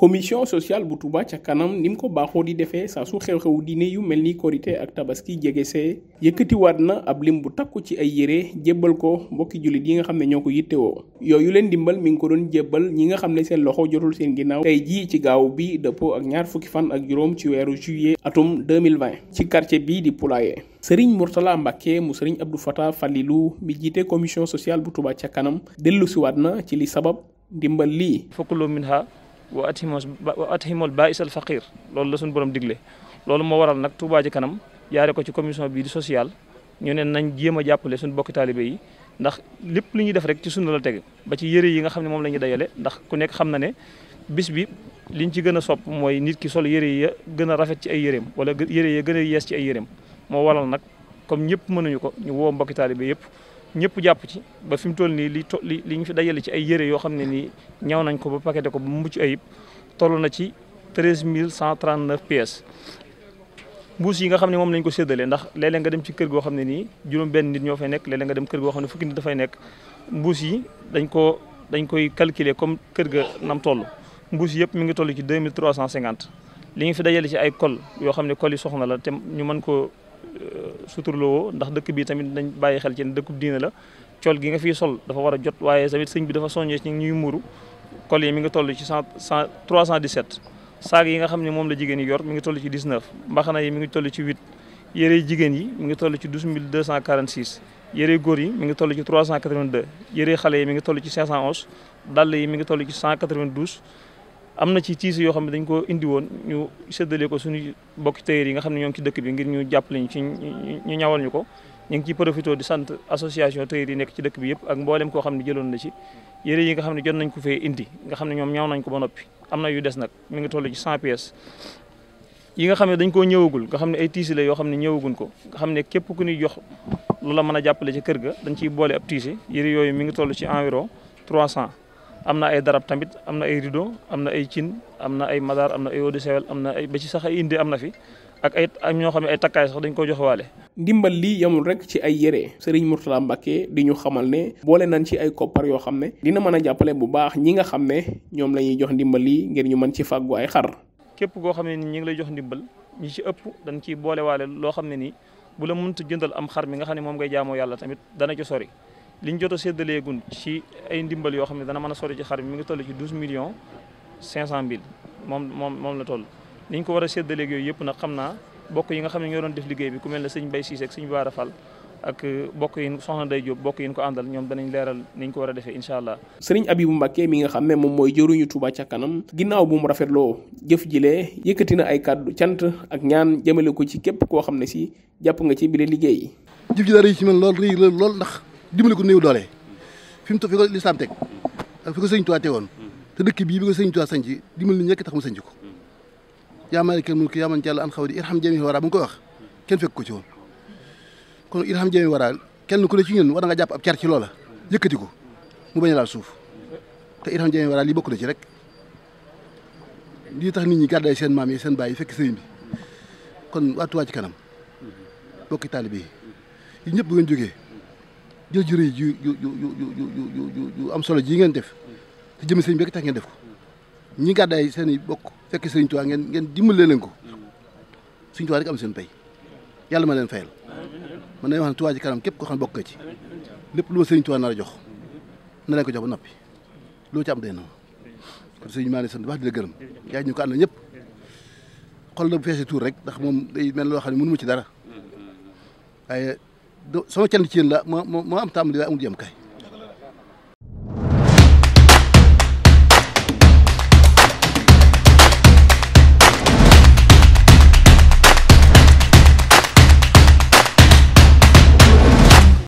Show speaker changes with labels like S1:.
S1: commission sociale bu Touba ca kanam ni mu ko baaxoo di defee saa su xew-xewu diine yu mel ni korité ak tabaski jege see waat na ab lim bu takku ci ay yére jébbal ko mbokki jullit yi nga xam ne ñoo ko yittewoo yooyu leen dimbal mi ngi ko doon jébbal ñi nga xam ne seen loxo jotul seen ginnaaw tey jii ci gaaw bi dëppoo ak ñaar fukki fan ak juróom ci weeru juillet atum 2020 ci quartier bii di Poulailler sëriñ Mourtala Mbacke mu sëriñ Abdou Fatah Falilou mi jiite commission sociale bu Touba ca kanam dellusiwaat na ci li sabab
S2: ndimbal lii wa athimu wa athimu al ba'is al faqir loolu la suñu borom digle loolu moo waral nag Touba Ca Kanam jaare ko ci commission bii di sociale ñu ne nañ jéem a jàppale suñu bokki taalibe yi ndax lépp lu ñuy def rek ci sunu la teg ba ci yëre yi nga xam ne moom la ñuy dajale ndax ku nekk xam na ne bis bi li ñu ci gën a sopp mooy nit ki sol yëre yi gën a rafet ci ay yëreem wala yére yi gën a yees ci ay yëreem moo waral nag comme ñëpp mënuñu ko ñu woo mbokki taalibe yëpp ñëpp jàpp ci ba fi mu toll nii li to li li ñu fi dajale ci ay yére yoo xam ne nii ñaw nañ ko ba paqueté ko ba mucc ayib toll na ci treize mille cent trente neuf pièces. mbuus yi nga xam ne moom lañ ko séddalee ndax léeg-léeg nga dem ci kër goo xam ne nii juróom-benn nit ñoo fay nekk léeg nga dem kër goo xam ne fukki nit dafay nekk mbuus yi dañ ko dañ koy calculer comme kër ga nam toll mbuus yëpp mi ngi toll ci deux mille trois cent cinquante li ñu fi dajale ci ay col yoo xam ne col yi soxna la te ñu mën ko suturloo ndax dëkk bi tamit dañ bàyyi xel ci ne dëkkub la col gi nga fiy sol dafa war a jot waaye tamit sëñ bi dafa soññee ci ñuy muuru col yi mi ngi toll ci cent cent trois cent dix-sept saag yi nga xam ne moom la jigéen yi yor mi ngi toll ci dix-neuf mbaxana yi mi ngi toll ci huit yére jigéen yi mi ngi toll ci douze mille deux cent quarante-six yére góor yi mi ngi toll ci trois cent quatre-vingt-deux yére xale yi mi ngi toll ci cinq cent onze dàll yi mi ngi toll ci cent quatre am na ci tiisi yoo xam ne dañ koo indi woon ñu séddale ko suñu bokki tailleur yi nga xam ne ñoo ngi ci dëkk bi ngir ñu jàppale ñu ci ñu ñawal ñu ko ñu ngi ciy profité di sant association tailleur yi nekk ci dëkk bi yëpp ak mboolem koo xam ne jëloon na ci yére yi nga xam ne jot nañ ko fee indi nga xam ne ñoom ñaw nañ ko ba noppi am na yu des nag mi ngi toll ci 100 pièces yi nga xam ne dañ koo ñëwagul nga xam ne ay tiisi la yoo xam ne ñëwaguñ ko nga xam ne képp ku ñuy jox loola mën a jàppale ci kër ga dañ ciy boole ab tiisi yére yooyu mi ngi toll ci environ 300 am na ay darab tamit am na ay rido am na ay cin am na ay madaar am na ay eau de javel am na ay ba ci sax ay indi am na fi ak ay am ñoo xam ne ay takkaay sax dañ ko joxewaale waale ndimbal lii yamul rek ci ay yére
S1: Serigne Mourtala Mbacke di ñu xamal ne boole nañ ci ay koppar yoo xam ne dina mën a jàppale bu baax ñi nga xam ne ñoom la ñuy jox ndimbal lii ngir ñu mën ci fàggu ay xar
S2: képp koo xam ne ni ñi ngi lay jox ndimbal ñi ci ëpp dañ ciy boole loo xam ne nii bu la mënta jëndal am xar mi nga xam ne moom ngay jaamoo yàlla tamit dana ci liñ jot a séddaleegun ci ay ndimbal yoo xam ne dana man a sori ci xar bi mi ngi toll ci douze millions cinq cent mille moom moom moom la toll liñ ko war a séddaleeg yooyu yëpp nag xam naa bokk yi nga xam ne ñoo doon def liggéey bi ku mel ne sëñ Bay Siise ak sëñ Baara Fall ak euh, bokk yi soxna day Jóob bokk yi ko àndal ñoom danañ leeral niñ ko war a defee incha allah.
S1: sëriñ Abibu Mbàkke mi nga xam ne moom mooy jëruñu Touba ca kanam ginnaaw bu mu loo jëf jilee yëkkati na ay kàddu cant ak ñaan jëmale ko ci képp koo xam ne si jàpp nga ci bile liggéey yi.
S3: jëf ji dara yi ci man lool rëy lool ndax dimbali ko néew doole fi mu fi ko lislaam teg ak fi ko sëñ Tuubaa tegoon te dëkk bii bi ko sëñ Tuubaa sanc dimbali lu ñekk tax mu sanc ko yaa maalikal mulki yaa man jàll an xaw di irham jami wara bu nga koy wax kenn fekk ko ci woon kon irham jami wara kenn ku ne ci ñun war nga jàpp ab car ci loola yëkkati ko mu bañ laal suuf te irham jami wara lii bokk na ci rek lii tax nit ñi gàddaay seen maam yi seen baay yi fekk sëriñ bi kon waa Tuubaa ci kanam bokki taalibe yi ñëpp bu ngeen jëf ju rëy ju ju ju ju ju am solo ji ngeen def te jëmi sëñ bi rek tax ngeen def ko ñi gàddaay seen i bokk fekk sëñ Tuubaa ngeen ngeen dimbalee leen ko sëñ Tuubaa rek am seen pay yàlla ma leen fayal man nañu wax ne Tuubaa ci kanam képp koo xam ne bokk ci lépp lu ma sëñ Tuubaa nar a jox na leen ko jox ba noppi loo ci am day na kon sëñ maa ngi sant wax di la gërëm yaay ñu ko ànd ñëpp xol na bu feesee tuur rek ndax moom day mel loo xam ne mënu ma ci dara waaye sama cant ci yéen la moo moo am tàmbali waaye amul jëm kay